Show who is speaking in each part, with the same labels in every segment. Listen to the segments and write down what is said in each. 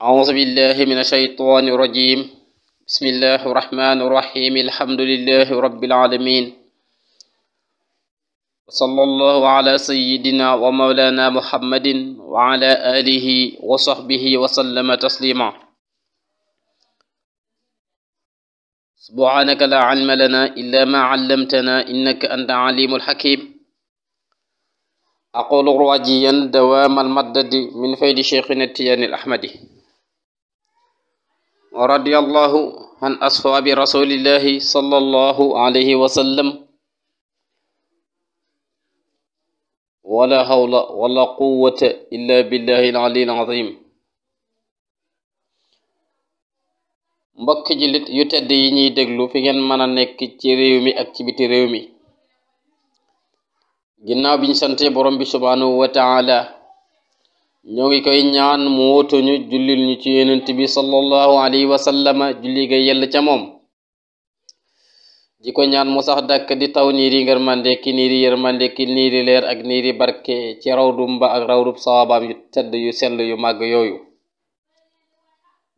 Speaker 1: أعوذ بالله من الشيطان الرجيم بسم الله الرحمن الرحيم الحمد لله رب العالمين وصلى الله على سيدنا ومولانا محمد وعلى آله وصحبه وسلم تسليما سبحانك لا علم لنا إلا ما علمتنا إنك أنت عليم الحكيم أقول رواجيا دوام المدد من فيد شيخنا التياني الأحمدي ورضي الله عن أصحاب رسول الله صلى الله عليه وسلم ولا حول ولا قوة إلا بالله العلي العظيم mbokk jullit yu tedd yi ñuy déglu fi ngeen mën a nekk ci réew mi ak ci biti réew mi ginnaaw biñ sante borom bi subhanahu wa taala ñoo ngi koy ñaan mu wóotuñu jullil ñu ci yonent bi sallallahu alayhi wa sallama julli ca moom di ko ñaan mu sax dàkk di taw niiri ngërmande ki niiri yërmande ki niiri leer ak niiri barke ci rawdu mba ak rawdu sawabaam yu tedd yu sell yu màgg yooyu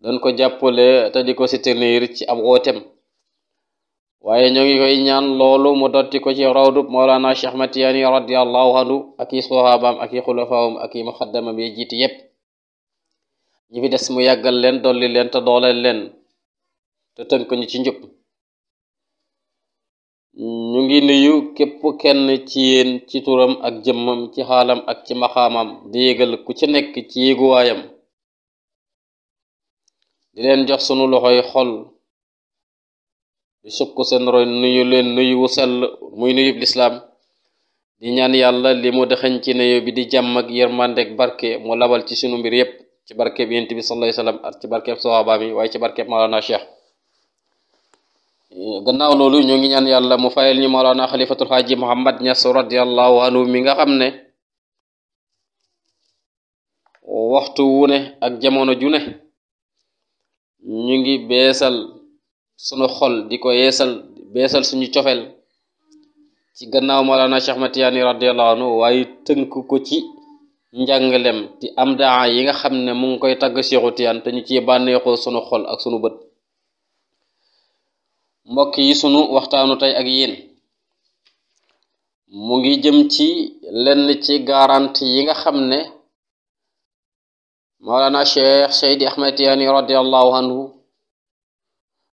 Speaker 1: doon ko jàppale te di ko soutenir ci ab wootem waaye ñoo ngi koy ñaan loolu mu dotti ko ci rawdub Mawlana Cheikh Ahmad Tijaani radiyallahu anhu ak i soxaabaam ak i xulafaawam ak i yépp ñi fi des mu yàggal leen dolli leen te dooleel leen te tënk ñu ci njub ñu ngi nuyu képp kenn ci yéen ci turam ak jëmmam ci xaalam ak ci maxaamam di yégal ku ci nekk ci yéeguwaayam di leen jox sunu loxoy xol di sukk seen roy nuyu leen nuyu wu sell muy nuyub lislaam di ñaan yàlla li mu dexeñ ci nuyu bi di jàmm ak yërmandeeg barke mu labal ci sunu mbir yépp ci barkeb yent bi sallallahu alayhi wasallam ak ci barkeb sahaaba mi waaye ci gannaaw loolu ñoo ngi ñaan yàlla mu fayal ñu Mawlana xalifatul xaaji Muhammad Ñas radiyallahu anhu mi nga xam ne waxtu wu ak jamono ju ñu ngi beesal sunu xol di ko yeesal beesal suñu cofeel ci gannaaw Mawlana Cheikh Ahmad Tijaani radiyallahu anhu waaye tënk ko ci njàngalem ci am daa yi nga xam ne mu ngi koy tagg Seexu Tijaan te ñu ci bànneexoo sunu xol ak sunu bët mbokk yi sunu waxtaanu tey ak yéen mu ngi jëm ci lenn ci garanti yi nga xam ne Mawlana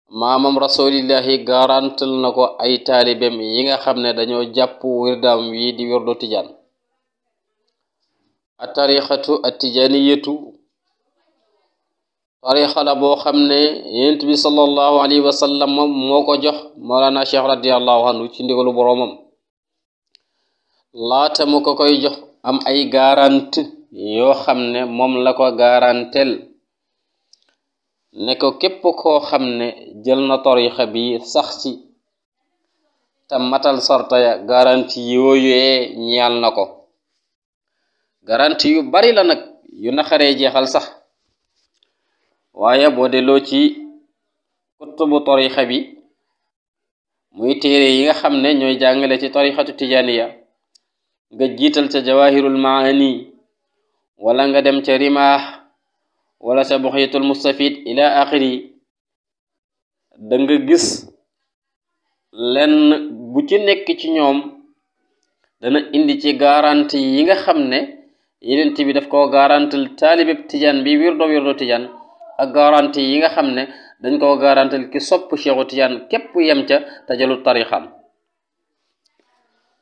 Speaker 1: mamam rasulillahi garantal na ko ay taalibem yi nga xam ne dañoo jàpp wirdaam wi di wirdu tijaan atariqatu atijaniyatu tariqa la boo xam ne yenent bi sal allahu alayhi wa sallam moom moo ko jox maolana cheikh radiallahu anhu ci ndigalu boroomam laata mu ko koy jox am ay garante yoo xam ne moom la ko garantel ne ko képp koo xam ne jël na tarixa bi sax ci te matal sarta ya garanti yooyee ñeel na ko garanti yu bari la nag yu naxare jeexal sax waaye boo delloo ci kutubu tarixa bi muy téere yi nga xam ne ñooy jàngale ci tarixatu tijaniya nga jiital ca jawahirul maani wala nga dem ca rimaax wala sa buxiyatul mustafid ila axir yi da nga gis lenn bu ci nekk ci ñoom dana indi ci garanti yi nga xam ne yenent bi daf koo garantil taalibib tijaan bi wirdo wirdo tijaan ak garanti yi nga xam ne dañ ko garantil ki sopp cheikhu tijaan képp yem ca tajalu tarixam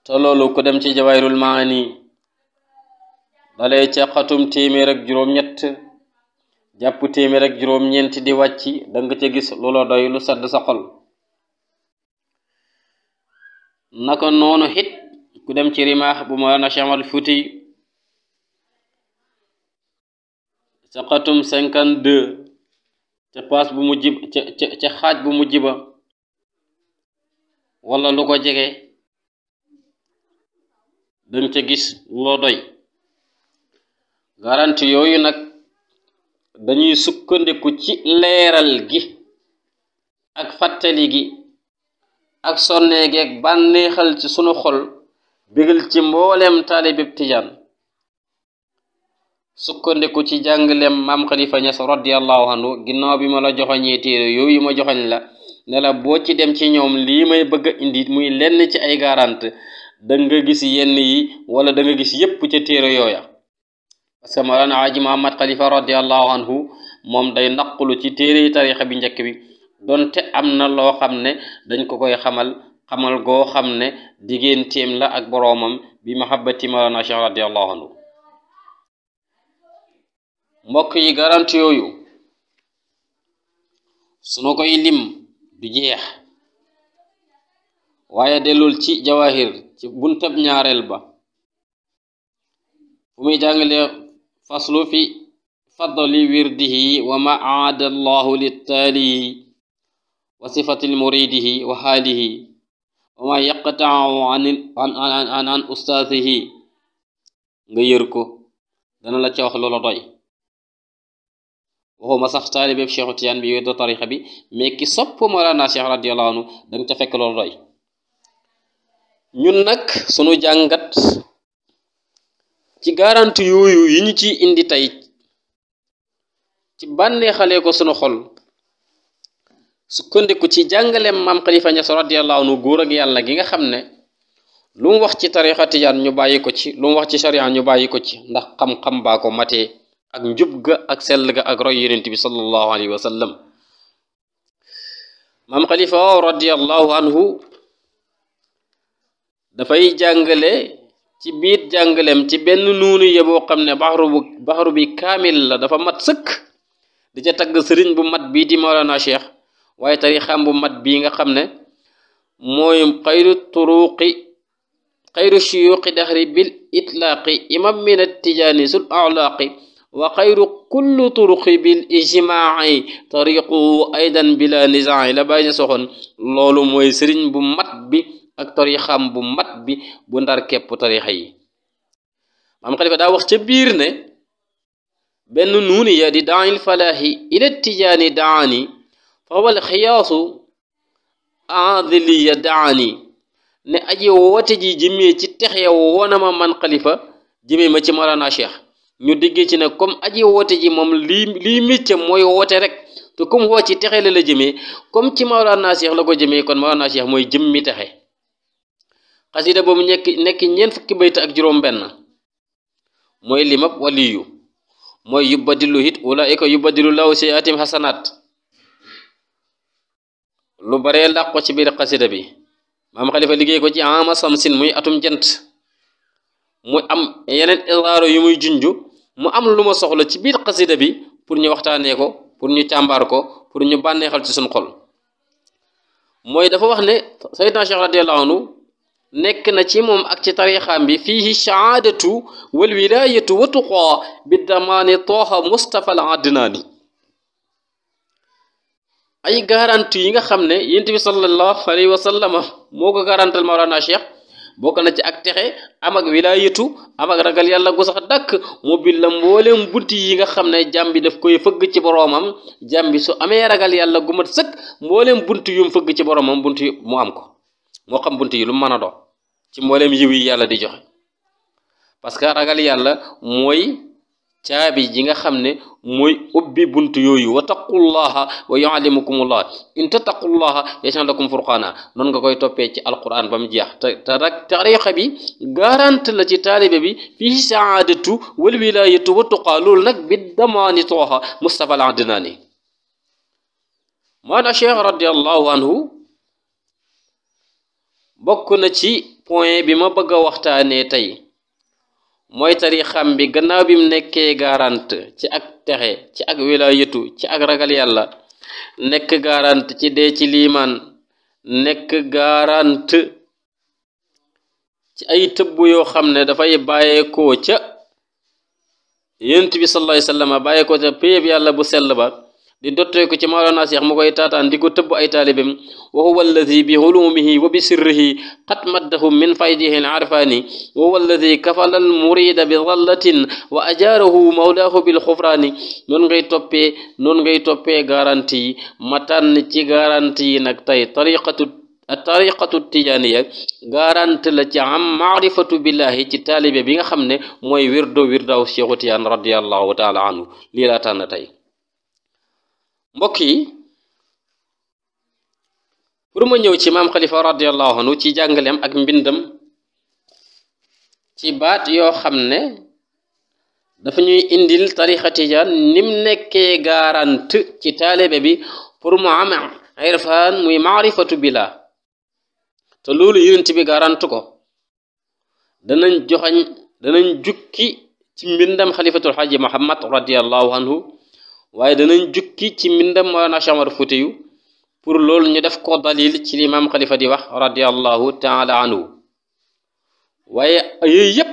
Speaker 1: te loolu ku dem ci jawayrul maani dalee ca xatum téeméer ak juróom-ñett jàpp téeméer ak juróom-ñeenti di wàcc da nga ca gis lu la doy lu sedd sa xol naka noonu it ku dem ci rimaax bu Mawlana Cheikh Omar Fuuti ca xatum ca paas bu xaaj bu mujj ba wala lu ko jege da nga ca gis lu la doy garanti yooyu nag dañuy sukkandiku ci leeral gi ak fàttali gi ak sonnee gi ak bànneexal ci sunu xol bégal ci mboolem taalibib tijaan sukkandiku ci jàngaleem maam xalifa ñas radiallahu anhu ginnaaw bi ma la joxoñee téere yooyu ma joxoñ la ne boo ci dem ci ñoom lii may bëgg indi muy lenn ci ay garante da nga gis yenn yi wala danga gis yépp ca téere yooya parce que Mawlana Aji Muhammad Xalifa radiallahu anhu moom day naqulu ci téere tarixa bi njëkk bi donte am na loo xam ne dañ ko koy xamal xamal goo xam ne digganteem la ak boroomam bi mahabbati Mawlana Cheikh radiallahu anhu mbokk yi garant yooyu sunu koy lim du jeex waaye dellul ci jawahir ci ñaareel ba fu muy jàngale فصل في فضل ورده وما عاد الله للتالي وصفة المريده وحاله وما يقطع عن عن عن عن, عن, عن أستاذه غيركو دانا لا تي واخ لولو دوي وهو ما صح طالب شيخ تيان بي ويدو طريقه بي مي كي سوب مولانا شيخ رضي الله عنه دانا تا فك لولو دوي ñun nak suñu jangat ci garanti yooyu yi ñu ci indi tey ci bànneexale ko sunu xol sukkandiku ci jàngaleem maam Khalifa Niass radiyallahu anhu góor ak yàlla gi nga xam ne lu mu wax ci tarixa tijaan ñu bàyyi ko ci lu wax ci sharia ñu bàyyi ko ci ndax xam-xam baa ko matee ak njub ga ak sell ga ak roy yonent bi sallallahu alayhi wa sallam maam Khalifa radiyallahu anhu dafay jàngale ci biit jàngaleem ci benn nuunu ye boo xam ne baxaru bu baxaru bi kaamil la dafa mat sëkk di ca tagg sëriñ bu mat bii di Mawlana Cheikh waaye tarixam bu mat bii nga xam ne mooy xayru turuqi xayru shuyuqi dahri bil itlaaqi imam min attijaani sul alaaqi wa xayru kullu turuqi bil ijmaaci tariquhu aydan bila nizaaci la bàyyi soxoon loolu mooy sëriñ bu mat bi ak tarixam bu mat bi bu ndar képp tarixa yi maam xalifa daa wax ca biir ne benn nuuni ya di daanil falaahi ila tijaani daani fa wal xiyaasu adiliya daani ne aji woote ji jëme ci texe woona ma man xalifa jëmee ma ci marana cheikh ñu déggee ci ne comme aji woote ji moom lii lii micca mooy woote rek te comme woo ci texe la la jëmee comme ci marana cheikh la ko jëmee kon marana cheikh mooy jëmmi texe xasida boobu nekk nekk ñeent fukki bayta ak juróom-benn mooy limab waliyu mooy yubbadilu hit ulaika yubbadilu law seyatim xasanaat lu baree làq ci biir xasida bi maam xalifa liggéey ko ci ama samsin muy atum jant mu am yeneen isaaro yu muy junj mu am lu ma soxla ci biir xasida bi pour ñu waxtaanee ko pour ñu càmbaar ko pour ñu bànneexal ci suñ xol mooy dafa wax ne sayidna cheikh radiallahu nekk na ci moom ak ci tarixaam bi fiihi shahaadatu wal wilaayatu wa tuqaa bi damaani tooxa Mustafa al Adnaani ay garanti yi nga xam ne yent bi sallallahu alayhi wa sallama moo ko garantal Mawlana Cheikh bokk na ci ak texe am ak wilaayatu am ak ragal yàlla gu sax dàkk mu bi la mbooleem bunt yi nga xam ne jàmbi daf koy fëgg ci boroomam jàm bi su amee ragal yàlla gu mat sëkk mbooleem bunt yum fëgg ci boroomam bunt mu am ko moo xam bunt yi lu mu mën a doo ci mbolem yiw yi yàlla di joxe parce que ragal yàlla moy caabi ji nga xamne moy ubbi buntu yoyu wa taqullaha wa yuallimukumullah in tattaqullaha yaj'al furqana non nga koy topé ci alquran bam jeex ta rak tariqa bi garante la ci taalibe bi fi saadatu wal wilayatu wa tuqaa nak bid damani toha Mustafa al Adnaani maana cheikh radiyallahu anhu bokku na ci point bi ma bëgg a waxtaanee tey mooy tariixam bi gannaaw bi mu nekkee garante ci ak texe ci ak wilayatu ci ak ragal yàlla nekk garante ci dee ci liimaan nekk garante ci ay tëbb yoo xam ne dafay bàyyeekoo ca yenent bi sallallahu alayhi wa sallam bàyyeekoo ca péyeb yàlla bu sell ba di dotteeku ci mawlana cheikh mu koy taataan di ko tëbb ay taalibim wa huwa alladi bi hulumihi wa bi sirrihi qad maddahu min faydihi larfaani wa huwa alladi kafala almurida bi dallatin wa ajaarahu mawlaahu bil xufraani noonu ngay toppee noonu ngay toppee garanti yi ci garanti yi nag tariqatu tariqatu tijaaniya garanti la ci am maarifatu billahi ci taalibe bi nga xam ne mooy wirdo wirdaw cheikhu tiyaan mbokk yi pour ma ñëw ci maam xalifa radiallahu anhu ci jàngaleem ak mbindam ci baat yoo xam ne dafa ñuy indil tarixa tijaan nim nekkee gaarant ci taalibe bi pour mu am irfaan muy maarifatu bila te loolu yonent bi garant ko danañ joxañ danañ jukki ci mbindam xalifatul xaaji muhammad radiallahu anhu waaye danañ jukki ci mbindam Mawlana Cheikh Omar Foutiyou pour loolu ñu def ko dalil ci li Xalifa di wax radiallahu taala anhu waaye yépp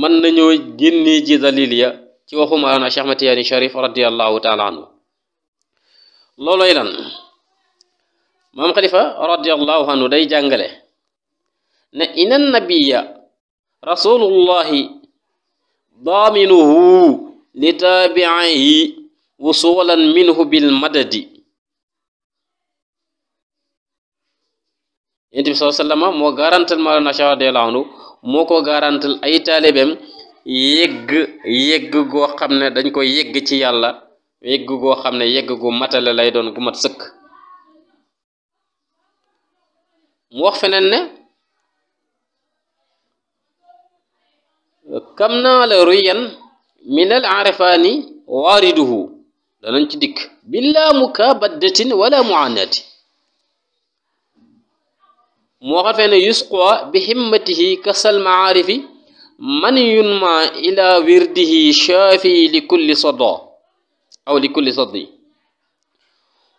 Speaker 1: mën nañoo génnee ji dalil ya ci waxu Mawlana Cheikh Ahmad radiallahu taala anhu looloy lan Maam Xalifa radiallahu anhu day jàngale ne ina nabiya rasulullahi daaminuhu litabi'ihi wusulan minhu bil madadi yenti bi saw sallama mo garantal ma na shaw de laandu moko garantal ay talibem yegg yegg go xamne dañ ko yegg ci yalla yegg go xamne yegg go matale lay don gu mat seuk mu wax fenen ne kam na la ruyan من العرفان وارده دانانتي ديك بلا مكابده ولا معاناه موغفين يسقوا بهمته كسل معارف من ينمى الى ورده شافي لكل صدى او لكل صدي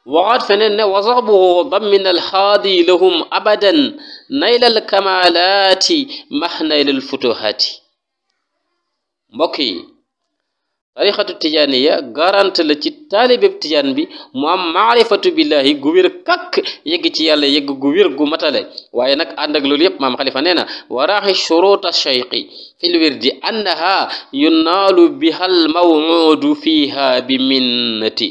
Speaker 1: وعرفنا ان وصحبه ضمن الحاضي لهم ابدا نيل الكمالات محنى للفتوحات بوكي tarixatu tijaaniya garante la ci taalibeb tijaan bi mu am maarifatu billahi gu wér kakk yegg ci yàlla yegg gu wér gu matale waaye nag ànd ak loolu yépp maam xalifa nee na waraaxi shuruta sheyqi fil wirdi annaha yunaalu biha almawudu fiha bi minnati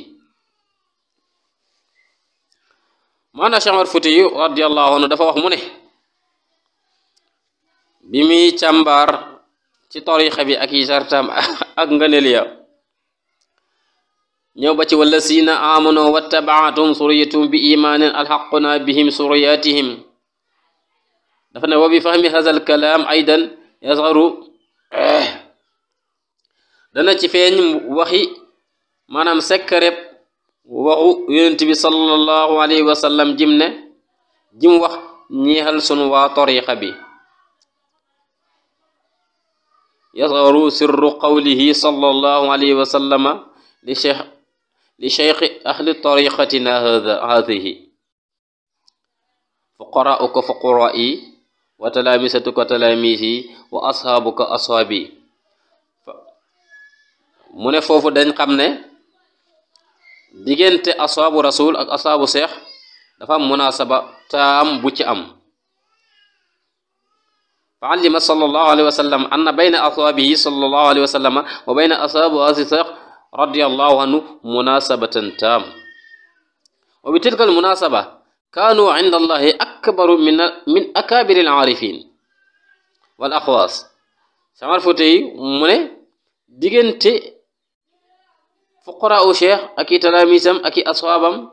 Speaker 1: maana chamar futi yu radiallahu dafa wax mu ne bi muy càmbaar ci tarixa bi ak yi ak ngëneel ya ñëw ba ci walla siina amano wattabaatum suriyatum bi imanin alxaquna bihim suriyatihim dafa ne wa bi fahmi hadha alkalam aidan yazharu dana ci feñ waxi manam sekkareb waxu yunus bi sallallahu alayhi wa sallam jimne jim wax ñeexal sunu waa tarixa bi يظهر سر قوله صلى الله عليه وسلم لشيخ لشيخ أهل طريقتنا هذه فقراؤك فقرائي وتلامستك تلاميذي وأصحابك أصحابي من فوف دنج خامن ديغنت اصحاب رسول اصحاب شيخ دا فا مناسبه تام بو تي ام فعلم صلى الله عليه وسلم أن بين أصابه صلى الله عليه وسلم وبين أصابه الصديق رضي الله عنه مناسبة تام وبتلك المناسبة كانوا عند الله أكبر من من أكابر العارفين والأخواص سمر فتي من ديجنت فقراء شيخ أكي تلاميذم أكي أصحابهم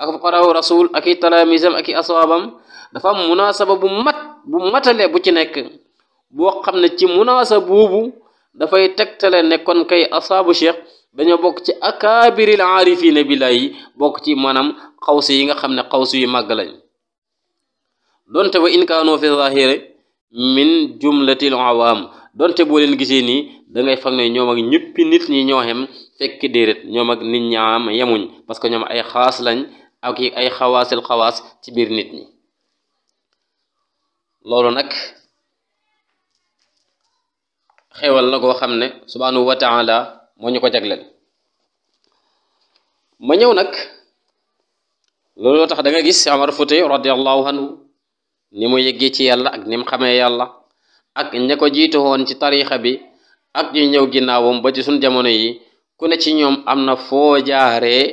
Speaker 1: أكي فقراء رسول أكي تلاميذم أكي أصحابهم dafa am munaasaba bu mat bu matale bu ci nekk boo xam ne ci munaasaba buubu dafay tegtale ne kon kay asaabu cheikh dañoo bokk ci akaabiril aarifina billahi bokk ci maanaam xawsi yi nga xam ne xawsi yu màgg lañ donte wa inkaanoo fi zahire donte boo leen gisee nii dangay ngay fag ne ñoom ak ñëppi nit ñi ñoo xem fekk déedéet ñoom ak nit ñaam yemuñ parce que ñoom ay xaas lañ ak ay xawaasil xawaas ci biir nit ñi loolu nag xewal la goo xam ne subhanahu wa taala moo ñu ko jagleen ma ñëw nag loolu tax da nga gis amar fute radiallahu anhu ni mu yeggee ci yàlla ak ni mu xamee yàlla ak ña ko jiituwoon ci tariixa bi ak ñu ñëw ginnaawam ba ci sun jamono yi ku ne ci ñoom am na foo jaaree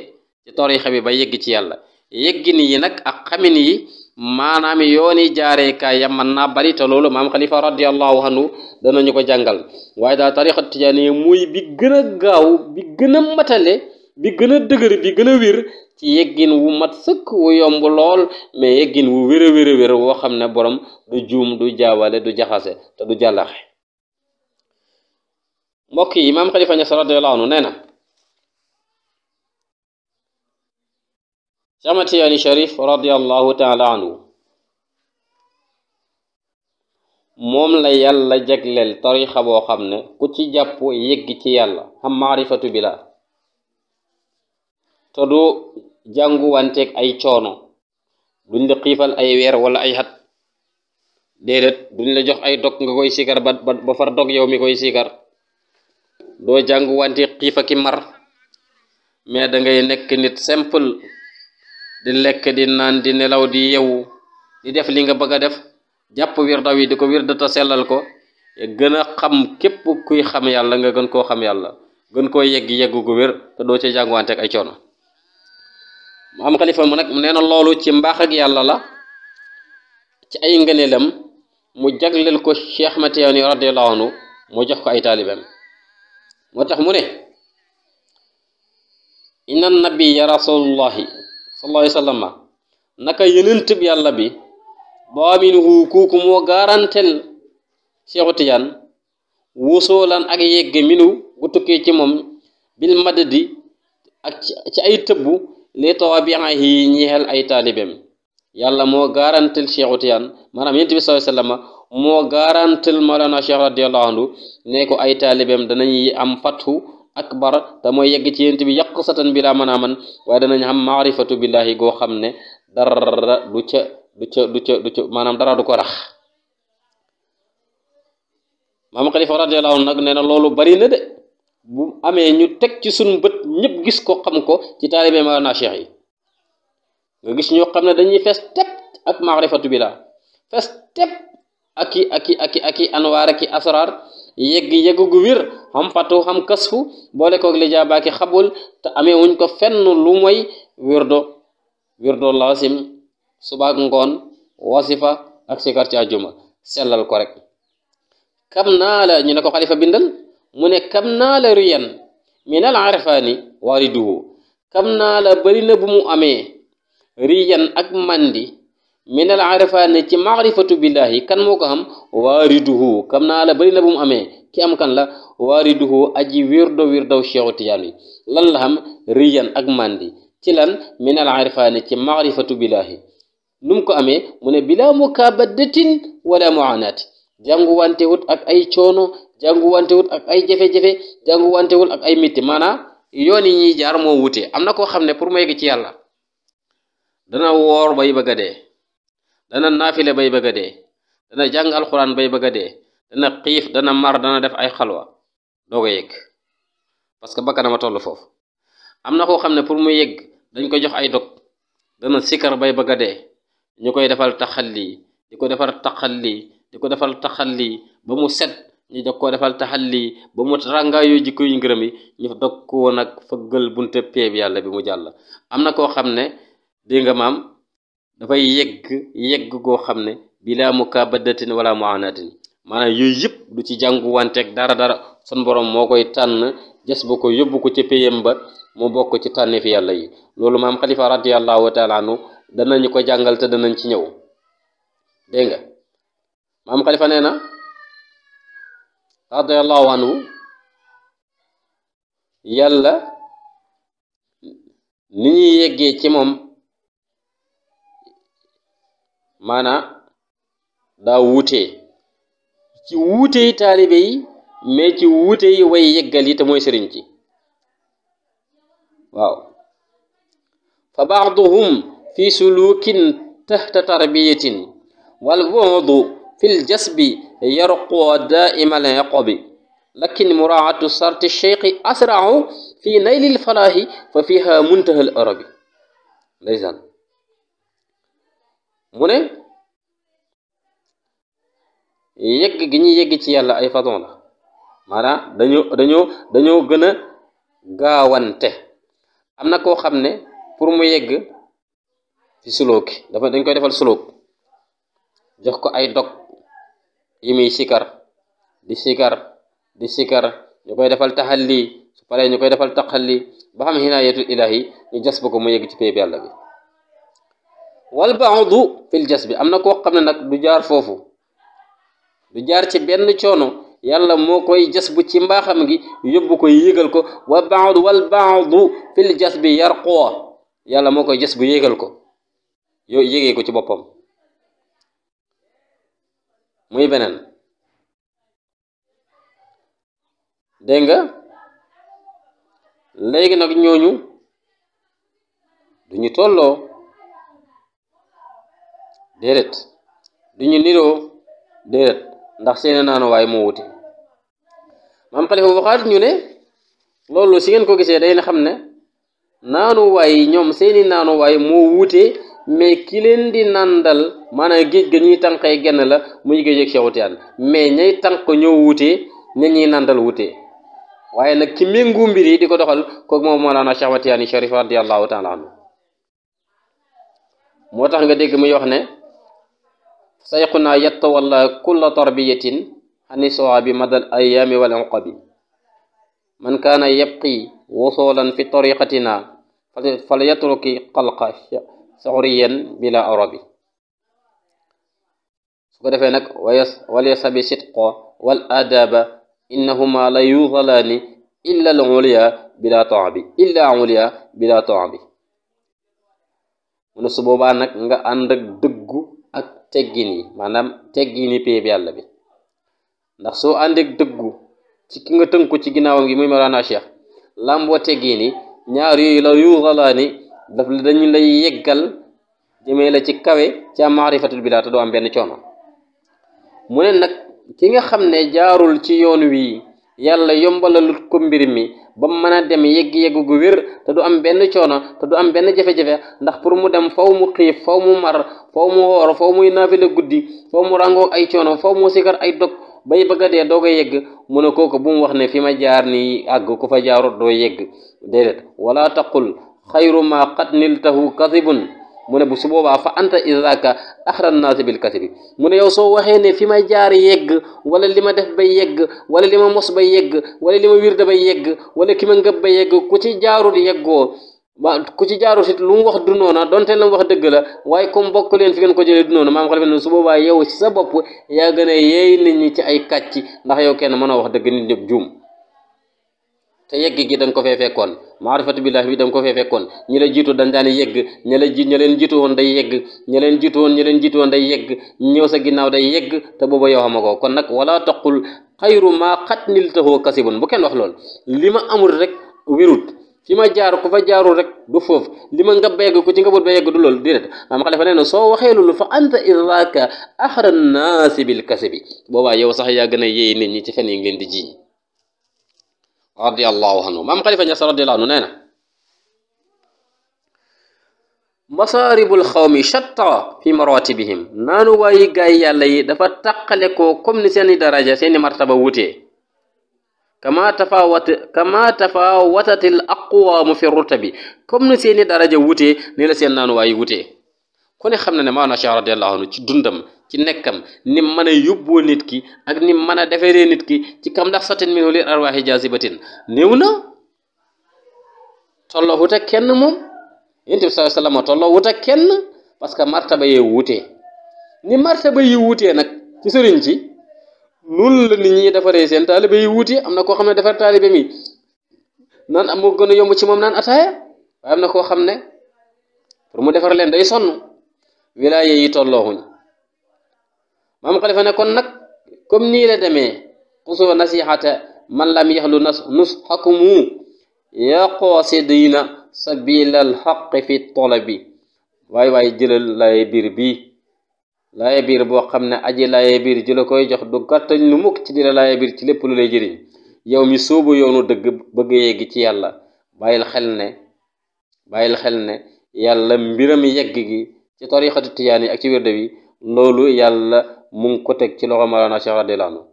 Speaker 1: ci tariixa bi ba yegg ci yàlla yeggin yi nag ak xamin yi maanaam yooni jaareekaay yam mën naa bari te loolu maam xalifa radiallahu anhu danañu ko jàngal waaye daal tariqa tijaaniya muy bi gën gaaw bi gën a matale bi gën a dëgër bi gën a wér ci yeggin wu mat sëkk wu yomb lool mais yeggin wu wér a wér woo xam ne borom du juum du jaawale du jaxase te du jàllaxe mbokk yi maam xalifa ñas radiallahu anhu nee na Samatiyani Sharif radiyallahu taala anhu moom la yàlla jegleel tarixa boo xam ne ku ci jàpp yëgg ci yàlla xam maarifatu bi te du jànguwanteeg ay coono duñ la xiifal ay weer wala ay xat déedéet duñ la jox ay dog nga koy sikar ba ba far dog yow mi koy sikar doo jànguwanteeg xiifa ki mar mais da nekk nit simple di lekk di naan di nelaw di yewu di def li nga bëgg a def jàpp wirda yi di ko wirda ta sellal ko gën xam képp kuy xam yàlla nga gën koo xam yàlla gën koo yegg yeggu gu wér te doo ci jànguwante ak ay coono mu am xalifa mu nag nee na loolu ci mbaax yàlla la ci ay ngëneelam mu jagleel ko Cheikh Ahmed Tidiane radiyallahu anhu mu jox ko ay taalibeem moo tax mu ne inna nabiya rasulullahi sallallahu alayhi wa sallam naka yenentib yalla bi bamin hu kuku mo garantel cheikhu tiyan wosolan ak yegge minu gu tukke ci mom bil madadi ak ci ay tebbu li tawabi'ahi ñeexal ay talibem yalla mo garantel cheikhu tiyan manam yenenbi sallallahu alayhi wa sallam mo garantel malana cheikh radiyallahu anhu ne ko ay talibem danañ am fatu akbar te mooy yegg ci yent bi yàq satan bi laa mën a man waaye danañ xam maarifatu billahi goo xam ne dara du ca maanaam dara du ko rax maam xalifa radiyallahu nag nee na loolu bari na de bu amee ñu teg ci suñ bët ñépp gis ko xam ko ci taalibe maana cheikh yi nga gis ñoo xam ne dañuy fees tepp ak maarifatu bi fees tepp aki aki aki aki anwaar aki asrar yegg yegg gu xam patu xam kasfu boole koog li jaabaaki xabul te amee wuñ ko fenn lu mooy wirdo laasim subaak ngoon wasifa ak sikar ci àjjuma sellal ko rek kam naa la ñu ne ko xalifa bindal mu ne kam naa la riyan min al arfaani waaliduhu kam naa la bari na bu mu amee riyan ak mandi minal arifaa ne ci maarifatu billahi kan moo ko xam waariduhu kam naa bari na bu mu amee ki am kan la waariduhu aji wirdo wirdaw lan la xam ak mandi ci lan minal arifaa ne ci maarifatu billahi ko amee mu ne bilaa mukaabadatin wala muanaati jànguwantewut ak ay coono jànguwantewut ak ay jafe-jafe ak ay mitti maanaam yoon yi ñuy jaar moo wute am na koo xam ne pour mu yegg ci yàlla dana woor bay bëgg a dee dana naafile bay bëgg dee dana jàng alxuraan bay bëgg dee dana xiif dana mar dana def ay xalwa doo ko yëg parce que bakkanam toll foofu am na koo xam ne pour mu yëg dañ ko jox ay dog dana sikar bay bëgg dee ñu koy defal taxal lii di ko defal taxalli di ko defal taxalli ba mu set ñu dog koo defal taxal lii ba mu ràngaayoo jikko yu ngërëm yi ñu dog koo nag fëggal bunte péeb yàlla bi mu jàll am na koo xam ne dégg maam dafay yegg yegg goo xam ne bilaa mukaabadatin wala muanatin maanaam yooyu yëpp du ci jàngu wanteeg dara dara sun moo koy tànn jës ba ko yóbbu ko ba mu bokk ci tànne loolu maam xalifa radiallahu taala anhu ko jàngal te danañ ci yàlla ni ñuy yeggee ci moom mana da wute ci wute talibe yi me ci wute yi way yeggal yi moy mooy ci waaw fa ba'dhum fi sulukin tahta tarbiyatin wal wudu fi jasbi yarqu daa'ima yaqbi لكن مراعاة شرط الشيخ أسرع في نيل الفلاح ففيها منتهى الأرب ليزال mu ne yegg gi ñu yegg ci yàlla ay façon la maanaam dañoo dañoo dañoo gën a gaawante am na koo xam ne pour mu yegg ci sulóoki dafa dañ koy defal sulook jox ko ay dog yi muy sikar di sikar di sikar ñu koy defal taxal lii paree ñu koy defal taxalli ba xam hinaayatul ilaahi ñu jas ba ko mu yegg ci péeb yàlla bi wal baadu fil jasbi am na koo xam ne nag du jaar foofu du jaar ci benn coono yàlla moo koy jas bu ci mbaaxam gi yóbbu ko yéegal ko wa baadu wal baadu fil jasbi yarquwa yàlla moo koy jas bu yéegal ko yow yégee ko ci boppam muy beneen dégg nga léegi nag ñooñu duñu tolloo déedéet duñu niroo déedéet ndax seen naanuwaay waay moo wute maam xalifa waxaat ñu ne loolu si ngeen ko gisee day na xam ne naanuwaay waay ñoom seeni naanuwaay waay moo wute mais ki leen di nandal maanaam géej ga ñuy tànqee genn la mu géej ak Seexu mais ñay tànq ñoo wute ña ñuy nandal wute waaye nag ki ménguu mbir yi di ko doxal kooku moom Mawlaana Seex Ahmad Tijaani Sharif radiyallahu taala anhu moo tax nga dégg muy wax ne سيقنا يتولى كل تربية حنسوها بمدى الأيام والعقب من كان يبقي وصولا في طريقتنا فليترك قلق سعريا بلا عربي وليس بصدق والآداب إنهما لا يوظلان إلا العليا بلا تعب إلا عليا بلا تعب من الصبوبانك نغا أندك دقو teggin yi maanaam teggin yi péeb yàlla bi ndax soo àndeek dëggu ci ki nga ko ci ginnaawam gi muy Mawlana Cheikh làmboo teggin yi ñaar yooyu la yuuxalaa ni daf dañu lay yeggal jëmee la ci kawe ci am maarifatul bidaa te doo am benn coono mu ne nag ki nga xam ne jaarul ci yoon wii yàlla yombalalut ko mbir mi ba mu mën a dem yegg-yegg gu wér te du am benn coono te du am benn jafe-jafe ndax pour mu dem faw mu xiif faw mu mar faw mu woor faw muy naafila guddi faw mu ràngoo ay coono faw mu sikar ay dog bay bëgg a dee doo ko yegg mu ne kooku bu mu wax ne fi ma jaar nii àgg ko fa jaarut doo yegg déedéet wala taqul xayru ma qad niltahu kadibun mu ne bu su boobaa fa anta izaka axra naasi bil bi mu ne yow soo waxee ne fi ma jaar yegg wala li ma def ba yegg wala li ma mos ba yegg wala li ma wirda ba yegg wala ki ma ba yegg ku ci jaarul yeggoo ma ku ci jaarul sit lu mu wax du noona donte la mu wax dëgg la waaye comme bokk leen fi ngeen ko jëlee du noona maam xalifa ne su boobaa yow ci sa bopp yaa gën a yeey nit ñi ci ay kàcc ndax yow kenn mën a wax dëgg nit ñëpp juum te yegg gi da ko fee fekkoon maarifatu billahi bi da nga ko fee fekkoon ñi la jiitu dañ daan yegg ñi la ji ña leen jiitu woon day yegg ña leen jiitu woon ña leen day yegg ñëw sa ginnaaw day yegg te booba yow xama ko kon nag wala taqul xayru maa xat nil taxoo kasibun bu kenn wax loolu li ma amul rek wérut fi ma jaar ko fa jaarul rek du foofu li ma nga begg ko ci nga bët ba yegg du loolu déedéet am xale fa nee na soo waxee loolu fa anta iraka axra naasi bil bi boobaa yow sax yaa gën a yéey nit ñi ci fen yi ngi di jiiñ رضي الله عنه مام خليفه ياسر رضي الله عنه نانا مصارب القوم شتى في مراتبهم نانو واي غاي يالله دا فا تقلكو كوم سيني درجه سيني مرتبه ووتي كما تفاوت كما تفاوتت الاقوام في الرتب كوم سيني درجه ووتي ني لا سين نانو واي ووتي كوني خمنا ما نشا رضي الله عنه دوندم ci nekkam ni mën a yóbboo nit ki ak ni mën a deferee nit ki ci kam ndax satin min li arwaaxi jaasibatin néew na tolloo wut ak kenn moom yonent bi sallallahu alayhi wasallam tolloo wut kenn parce que martaba yee wuutee ni martaba yi wuutee nag ci sëriñ ci noonu la nit ñi defaree seen taalibe yi wuutee am na koo xam ne defar taalibe mi naan amoo gën a yomb ci moom naan ataaya waaye am na koo xam ne pour mu defar leen day sonn wilaaya yi tolloowuñ maam xalifa ne kon nag comme nii la demee xusoo nasihata man lam yaxlu nas nusxakumu yaqoosidina sabilal xaqi fi bi waaye waaye jëlal laye biir bii laye biir boo xam ne aji laye biir jëla koy jox du gàttañ lu mukk ci di la laye biir ci lépp lu lay jëriñ yow mi soobu yoonu dëgg bëgg yegg ci yàlla bàyyil xel ne bàyyil xel ne yàlla mbiram yegg gi ci tariqatu tijaan yi ak ci wérde bi loolu yàlla mu ngi ko teg ci loxo Mawlana Cheikh radiyallahu anhu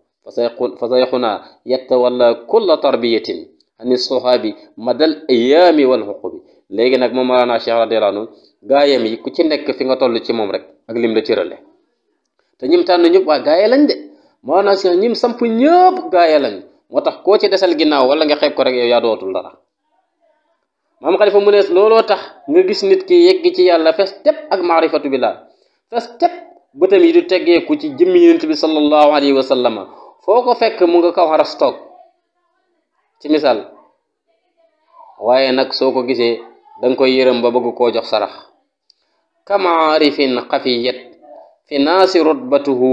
Speaker 1: fa sayxunaa yatawalla kulla tarbiyatin ani sohaabi madal ayaami wal xuqubi léegi nag moom Mawlana Cheikh radiyallahu anhu gaayam yi ku ci nekk fi nga toll ci moom rek ak lim la cërale te ñim tànn ñëpp waa gaa lañ de Mawlana Cheikh ñim samp ñëpp gaaye lañ moo tax koo ci desal ginnaaw wala nga xeeb ko rek yow yaa dootul dara maam xalifa mu ne looloo tax nga gis nit ki yegg ci yàlla fes tepp ak maarifatu billah fes tepp bëtam yi du teggeeku ci jëmmi yonent bi sallallahu alayhi wa foo ko fekk mu nga kaw xaras toog ci misaal waaye nag soo ko gisee danga koy yërëm ba bëgg koo jox sarax kam aarifin xafiyat fi naasi rutbatuhu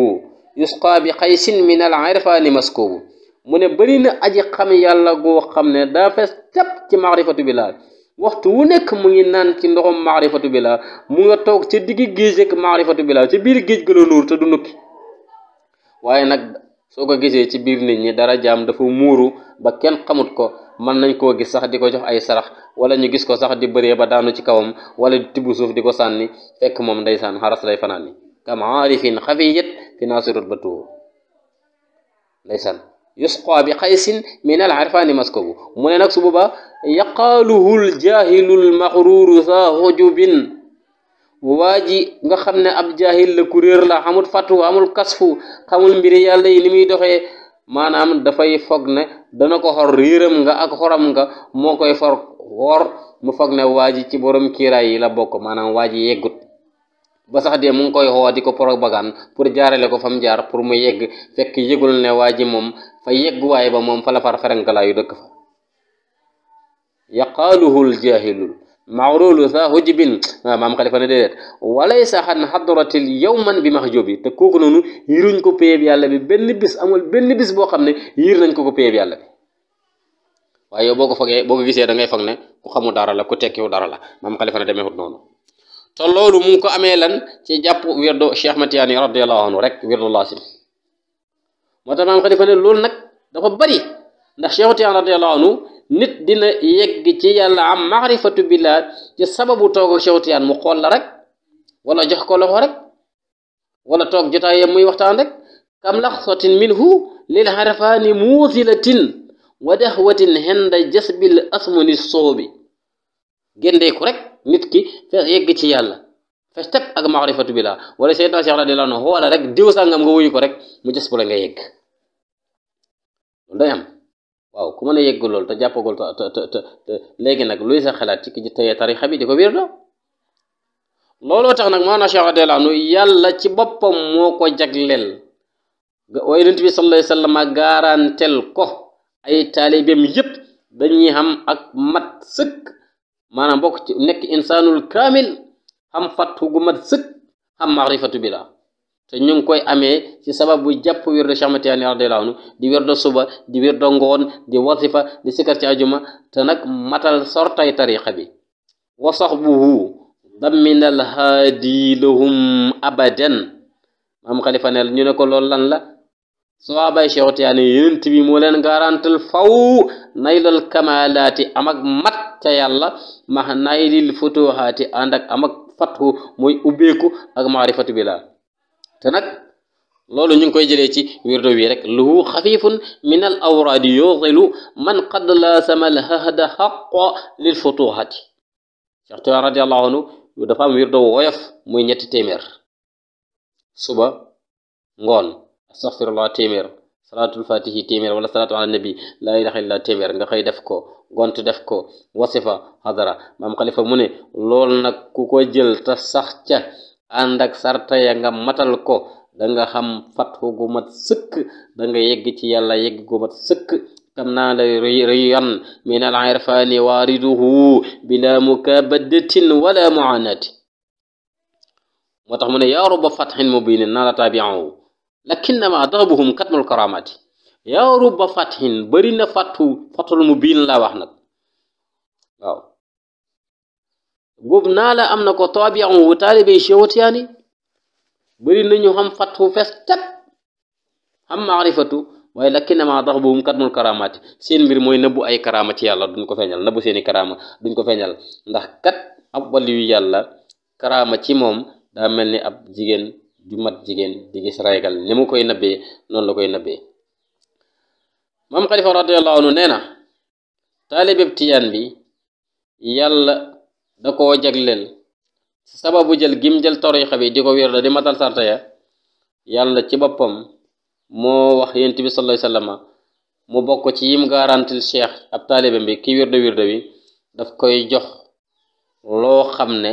Speaker 1: yusqa bi xaysin min al irfaani maskoobu mu ne bëri na aji xam yàlla goo xam ne daa fees tepp ci maarifatu billaah waxtu wu nekk mu ngi naan ci ndoxum maarifatu bi la mu nga toog ca digg géej ak maarifatu bi la ca biir géej gën a nuur te du nukki waaye nag soo ko gisee ci biir nit ñi dara jaam dafa muuru ba kenn xamut ko mën nañ koo gis sax di ko jox ay sarax wala ñu gis ko sax di bëree ba daanu ci kawam wala di tibb suuf di ko sànni fekk moom ndeysaan xaras lay fanaan ni kam aarifin yi fi naasirut ba tuur ndeysaan yusqa bi xaysin min al arfaani maskobu mu ne nag su boobaa yaqaaluhu l jaahilu l maxruuru saa hujubin waa ji nga xam ne ab jaahil la kuréer la xamul fàttu amul kasfu xamul mbir yàlla yi ni muy doxee maanaam dafay foog ne dana ko xor réeram nga ak xoram nga moo koy for mu foog ne waa ji ci borom kiiraay yi la bokk maanaam waa ji yeggut ba sax de mu ngi koy xoo di ko propagande pour jaarale ko fa mu jaar pour mu yegg fekk yëgul ne waa ji moom fa yegguwaay ba moom fa la far ferenkalaayu dëkk fa yaqaaluhul jaahilul maxrulu sa hujbin waaw ah, maam xalifa ne déedéet walay saxan xadratil yowman bi maxjubi te kooku noonu yiruñ ko péyeb yàlla bi benn bis amul benn bis boo xam ne yiir nañ ko ko péyeb yàlla bi waaye yow boo ko fogee boo ko gisee da ngay foog ne ku xamu dara la ku tekkiwu dara la maam xalifa demee demeewut noonu te loolu mu ngi ko amee lan ci jàpp wirdu Cheikh Matiyaani radiyallahu anhu rek moo tax maam xalifa ne loolu nag dafa bari ndax Cheikh Tijaan radiyallahu nit dina yegg ci yàlla am maarifatu billah ci sababu toog ak mu xool la rek walla jox ko loxo rek walla toog jotaay muy waxtaan rek kam laxsatin minhu lil harfaani muusilatin wa dexwatin henda jasbil soow soobi géndeeku rek nit ki fees yegg ci yàlla festep ak maarifatu bi la wala Seydina Cheikh radiyallahu anhu wala rek diw sàngam nga wuyu ko rek mu jës bu nga yegg loolu day waaw ku mën a yegg loolu te jàppagul te te te nag luy sa xalaat ci ki teye ko wér do looloo tax nag ma na radiyallahu anhu yàlla ci boppam moo ko jagleel wa yonent bi sallallahu alayhi wa sallam garantel ko ay taalibeem yépp dañuy xam ak mat sëkk maanaam bokk ci nekk insaanul kaamil xam fattu gu mat sëkk xam maarifatu bi la te ñu ngi koy amee ci sababu jàpp wirdu Cheikh Ahmad Tijaani radiyallaahu anhu di wirdu suba di wirdu ngoon di wasifa di sikkar ci ajuma te nag matal sortay tariqa bi wa sahbuhu damminal haadi lahum abadan maam xalifa ne ñu ne ko loolu la sahaabay Cheikh Tijaani yonent bi moo leen garantal am mat ca yàlla max naylil futuhaati ànd ak am fathu mooy ubbeeku ak maarifatu billah te nag loolu ñu ngi koy jëlee ci wirdo wi rek luhu xafifun min al awraadi yudilu man qad laasama hahda xaqa lil futuhati Cheikh Tuubaa radiallahu anhu dafa am wirdo woyof muy ñetti téeméer suba ngoon astaxfirullah téeméer salaatul fatihi téeméer wala salaatu ala nabi laa ilaha illa téeméer nga xëy def ko gont def ko wasifa hadara maam xalifa mu ne lool nag ku ko jël ta sax ca ànd ak sarta ya nga matal ko da xam fatxu gu mat sëkk danga nga yegg ci yàlla yegg gu mat sëkk kam naa la riyan min al waariduhu bila mukabadatin wala muanati moo tax mu ne yaa ruba fatxin mubinin naa la tabiahu lakinnama kat katmul karamati yaa rubba fathin bëri na fàttu fatul mu biin la wax nag waaw góob naa la am na ko taabiyan wu taalibey chewatiyaani bëri nañu xam fàttu fes tep xam maarifatu waaye lakinnama darbuhum katmul karamati seen mbir mooy nëbbu ay karama ci yàlla duñ ko feeñal nëbbu seeni karama duñ ko feeñal ndax kat ab waliyu yàlla karama ci moom daa mel ni ab jigéen di jigéen di gis raygal ni mu koy nabbee noonu la koy nabbee maam xalifa radiallahu anhu nee na taalibeb tiyaan bi yàlla da koo jagleel sababu jël gim jël tarixa bi di ko wér matal sarta ya yàlla ci boppam moo wax yent bi sallallahu alayhi mu bokk ci yim garantil cheikh ab taalibam bi ki wirda wirda wi daf koy jox loo xam ne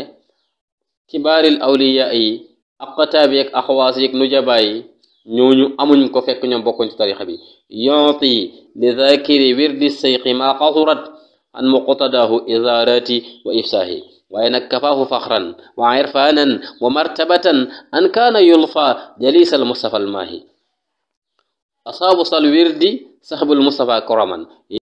Speaker 1: kibaaril awliya yi ak xataabi yeeg axawaas yeeg nujabaa yi ñooñu amuñ ko fekk ñoom bokkuñ ci tarixa bi yonti li zakiri wirdi seyqi maa qasurat an muqtadahu izarati wa ifsahi waaye nag kafaahu faxran wa irfanan wa martabatan an kaana yulfa jalisa al mustafa al maahi asaabu sal wirdi saxbul mustafa koroman